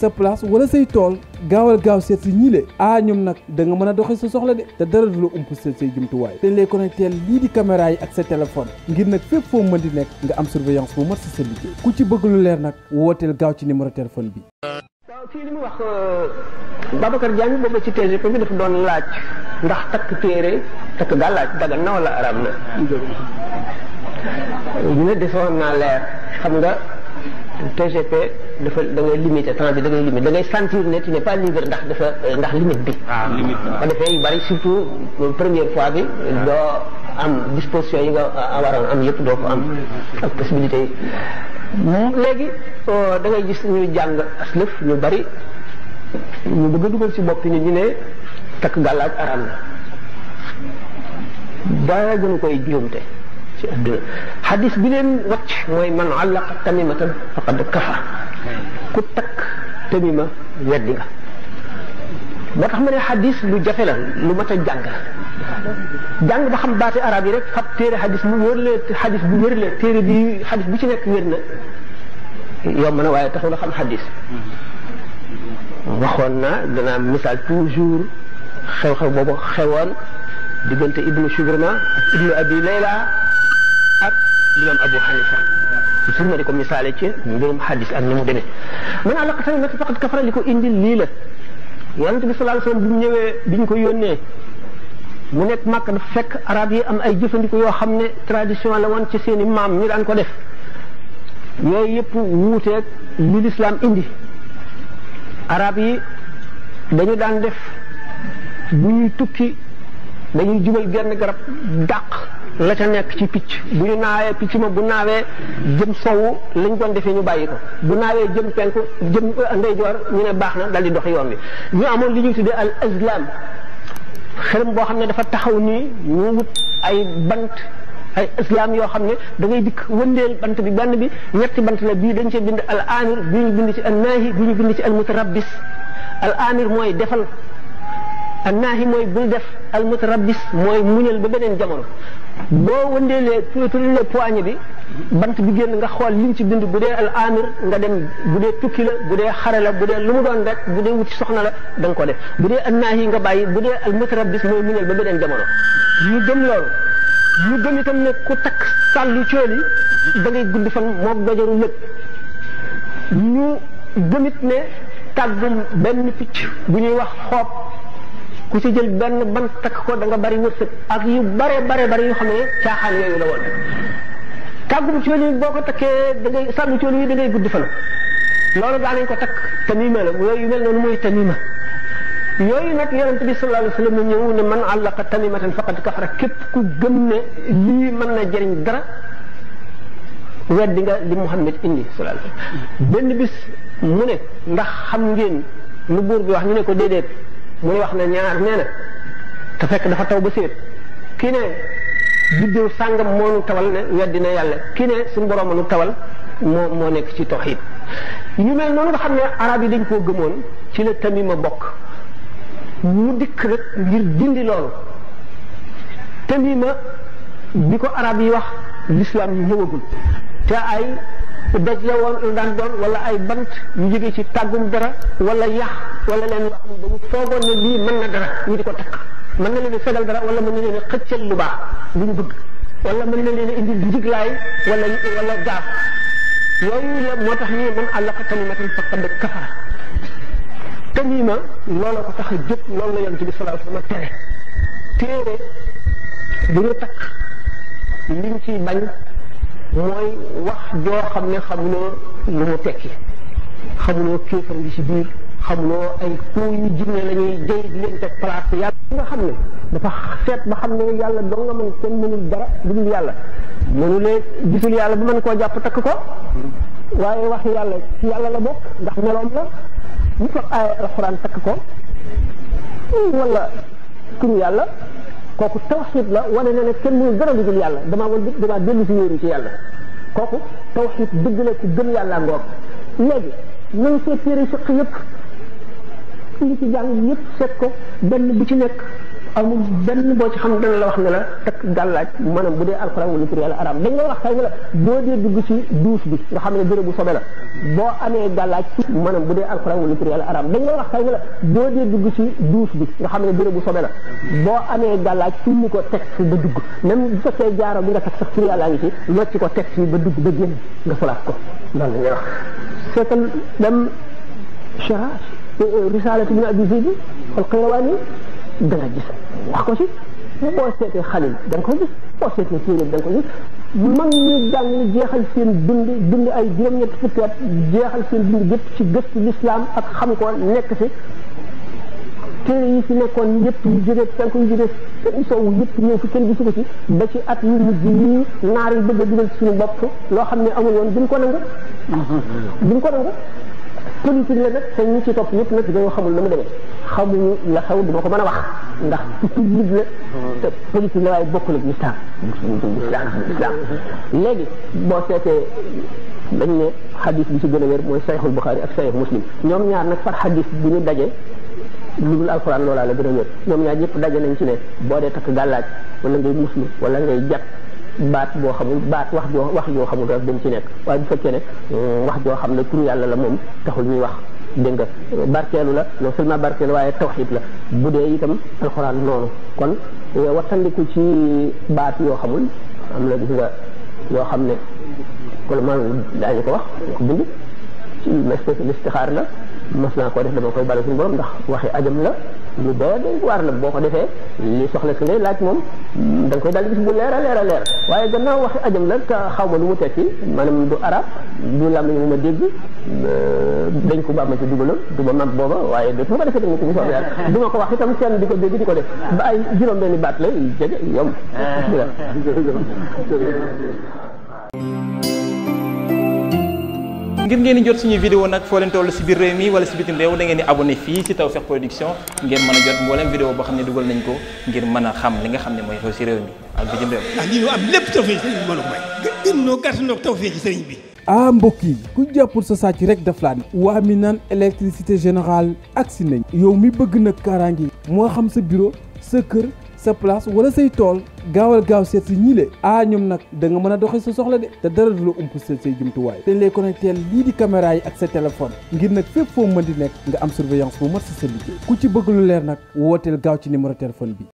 sa place wala say tool gaawal gaaw seet si ñiile ah ñoom nag da nga mën a doxee sa soxla de te dara du la ump sa say jumtuwaay te ñu lay connecté lii di caméra yi ak sa téléphone ngir nag fépp foo mën di nekk nga am surveillance bu mat si sa liggéey ku ci bëgg lu leer nag wooteel gaaw ci numéro téléphone bi. waaw fii li mu wax euh, Babacar Diagne booba ci TGP bi dafa doon laaj ndax takk téere takk daal laaj dagan na wala arab na. ñu ne defoon naa leer xam nga. TGP dafa da ngay limité temps bi da ngay limité da ngay sentir ne tu n'es pas libre ndax dafa ndax limite bi. Ah, waaw limite bi defee yu bari surtout première fois bi. doo am disposition yi nga waroon am yëpp doo ko am. ak possibilité yi. léegi euh, da ngay gis ñu jàng aslëf ñu bari ñu bëgg a dugal ci bopp nit ñi ne takk gàllaaj araam na. daa gën koy juumte ci àdduna xadis bi leen wàcc mooy man allaqa tamimatan faqad kafa ku takk tamima weddi nga moo tax ma ne xadis lu jafe la lu mat a jàng jàng ba xam baati arab yi rek fab téere xadis mu wër la xadis bu wër la téere bi xadis bu ci nekk wér na yomb na waaye taxul a xam xadis waxoon naa danaa misaal toujours xew-xew boobu xewoon diggante ibnu Shubrma ak ibnu abi Layla l'imam Abu Hanifa di ko misaale ci mbirum hadis ak ni mu demee man àla qasami nag faqat kafara li ko indil lii la yonent bi sallallahu alayhi wasallam bu ñëwee ko yónnee mu nekk Makka dafa fekk arab yi am ay jëfandiku yoo xam ne tradition la woon ci seeni maam ñu daan ko def yooyu yëpp wuuteeg li lislaam indi arab dañu daan def bu ñuy tukki dañuy jubal genn garab dàq la ca nekk ci picc bu ñu naawee picc ma bu naawee jëm sowwu lañ doon defee ñu bàyyi ko bu naawee jëm penku jëm euh, ndeyjoor ñu ne baax na dal di dox yoon bi ñu amoon li ñuy tuddee al islam xërëm boo xam ne dafa taxaw nii ñu wut ay bant ay islam yoo xam ne da ngay dikk wëndeel bant bi benn bi ñetti bant la bii dañ cee bind al amir bi ñu bind ci an naahi bi ñu bind ci al mutarabbis al amir mooy defal annaahi mooy bul def almutarabbis mooy muñal ba beneen jamono boo wëndeelee tuuti poignée bi bant bi génn nga xool liñ ci bind bu dee al amir nga dem bu dee tukki la bu dee xare la bu dee lu mu doon rek bu dee wuti soxna la da nga ko def bu dee annaahi nga bàyyi bu dee almutarabbis mooy muñal ba beneen jamono. ñu gëm loolu ñu gëm itam ne ku takk sàllu cool yi da ngay gudd fan moog dojaru lépp ñu gëmit ne tàggum benn picc bu ñuy wax xoob. ku ci jël benn ban takk ko danga bari wërsëg ak yu bare bare bari yoo xam ne caaxaan yooyu la woon kàggum ci wàllu boo ko takkee da ngay sàmm ci wàllu yi da ngay gudd fan loolu daa nañ ko takk tamima la yooyu mel noonu mooy tamima yooyu nag yonente bi sallallahu alayhi wasallam ñëw ne man àllaqa tamimatan faqad kafara képp ku gëm ne lii mën na jëriñ dara weddi nga li Muhammad indi sallallahu alayhi wasallam benn bis mu ne ndax xam ngeen lu buur bi wax ñu ne ko déedéet muy wax ne ñaar nee na te fekk dafa taw ba séet kii ne biddiw sàngam moo nu tawal ne weddi na yàlla kii ne suñu borom nu tawal moo moo nekk ci tawxiid yu mel noonu nga xam ne arab yi dañ koo gëmoon ci la tamima bokk mu dikk rek ngir dindi loolu tamima bi ko arab yi wax l'islam ñëwagul te ay doj la woon lu daan doon wala ay bant ñu jóge ci tàggum dara wala yax wala leen loo xam ne dañu foogoon ne lii mën na dara ñu di ko takk mën na leen a dara wala mën na leen a xëccal lu baax lu ñu bëgg wala mën na leen a indil njiglaay wala wala gaaf yooyu la moo tax ñu man àllaqa tamimatin faqad kafara tamima loola ko tax a jóg la yonent bi sallallahu alayhi wa sallam tere téere bu ñu takk liñ ciy bañ mooy wax joo xam ne xamuloo lu mu tekki xamuloo kéefar ngi si biir xamuloo ay kuu yu jinne la ñuy jëy di leen teg place yàlla nga xam ne dafa seet ba xam ne yàlla doo nga mën kenn mënul dara lu dul yàlla mënulee gisul yàlla ba mën koo jàpp takk ko waaye wax yàlla ci yàlla la bokk ndax meloom la mu fab aaya alxuraan takk ko wala kum yàlla kooku tawxid la wane na ne kenn mënul dara lu dul yàlla damaa wan damaa dellu si wéeru ci yàlla kooku tawxid dëgg la ci gëm yàlla ngoog léegi nañ seet téere fiq yëpp li ci jàng yëpp set ko benn bu ci nekk amul benn boo ci xam dana la wax ne la takk gàllaaj maanaam bu dee alxuraan wala tur yàlla araam dañ la wax sax wala boo dee dugg ci duus bi nga xam ne bérébu sobe la boo amee gàllaaj maanaam bu dee alxuraan wala tur yàlla araam dañ la wax sax wala dee dugg ci duus bi nga xam ne bérébu sobe la boo amee gàllaaj summi ko teg fi ba dugg même bu fekkee jaaro bi nga teg sax tur yàllaa ngi ci locc ko teg fi ba dugg ba génn nga solaat ko loolu la ñuy wax c'est que dem chara risalati ibn abi zayd al qayrawani da nga gis wax ko si boo seetee xalil da nga ko gis da ko gis mag ñi jàng ni jeexal seen dund dund ay juróom-ñetti fukki at jeexal seen dund gépp ci gëstu lislaam ak xam ko nekk ci téere yi fi nekkoon yëpp yu jógee penk yu jógee seen soow yëpp ñëw ko ci ba ci at yu mujj yi naar yi bëgg a dugal loo xam ne amul woon duñ ko nangu duñ ko nangu politique la nag te ñi ci topp yëpp nag dañoo xamul na mu demee xamuñu la xew du ma ko mën a wax ndax ci nit la te waaye bokkul ak lislaam lislaam lislaam léegi boo seetee dañ ne xadis bi ci gën a wér mooy sayxul buxaari ak sayx muslim ñoom ñaar nag far xadis bu ñu daje lu dul alxuraan loolaa la gën a wér ñoom ñaar ñëpp daje nañ ci ne boo dee takk gàllaaj wala ngay muslu wala ngay jat baat boo xamul baat wax joo wax joo xamul rek dañ ci nekk waaye bu fekkee ne mm, wax joo xam ne tur yàlla la moom taxul ñuy wax dégg nga barkeelu la non seulement barkeelu waaye tawxid la bu dee itam alxuraan noonu kon eh, wattandiku ci baat yoo xamul am na gis nga yoo xam ne kol ma daañu ko wax wax bind ci espèce l'istixaar la mas naa koo def dama koy bala suñu borom ndax waxi ajam la lu doy doy waar la boo ko defee li soxla si ngay laaj moom da koy daal di bu leer a leer a leer waaye gannaaw wax ajam la te xaw ma lu mu tekki maanaam du arab du làmmiñ mu ma dégg euh, dañ ko ba ma ci dugaloon du ma mag booba waaye de su ma defee tamit bu soobee yàlla du ma ko wax itam kenn di ko dégg di ko def ba ay juróom benni baat lay jege yomb ngir ngeen di jot suñuy vidéo nag foo leen toll si biir réew mi wala si bitim réew da ngeen di abonné fii si Tawfekh Production ngeen mën a jot mboolem vidéo boo xam ne dugal nañ ko ngir mën a xam li nga xam ne mooy xew si réew mi ak bitim réew. ndax lii ñu am lépp tawfeex ci sëriñ bi a gën gën ñoo gàtt ah mbokk ku jàppul sa sàcc rek daf laa ne. waa mi naan électricité générale agsi nañ. yow mi bëgg nag kaaraange moo xam sa bureau sa kër sa place wala say tool gaawal gaaw seet si ñii le ah ñoom nag da mën a doxee sa soxla de te dara du la ump sa say jumtuwaay te ñu lay connecté lii di caméra yi ak sa téléphone ngir nag fépp foo mën di nekk nga am surveillance bu mat sa liggéey ku ci bëgg leer nag wooteel gaaw ci numéro téléphone bi.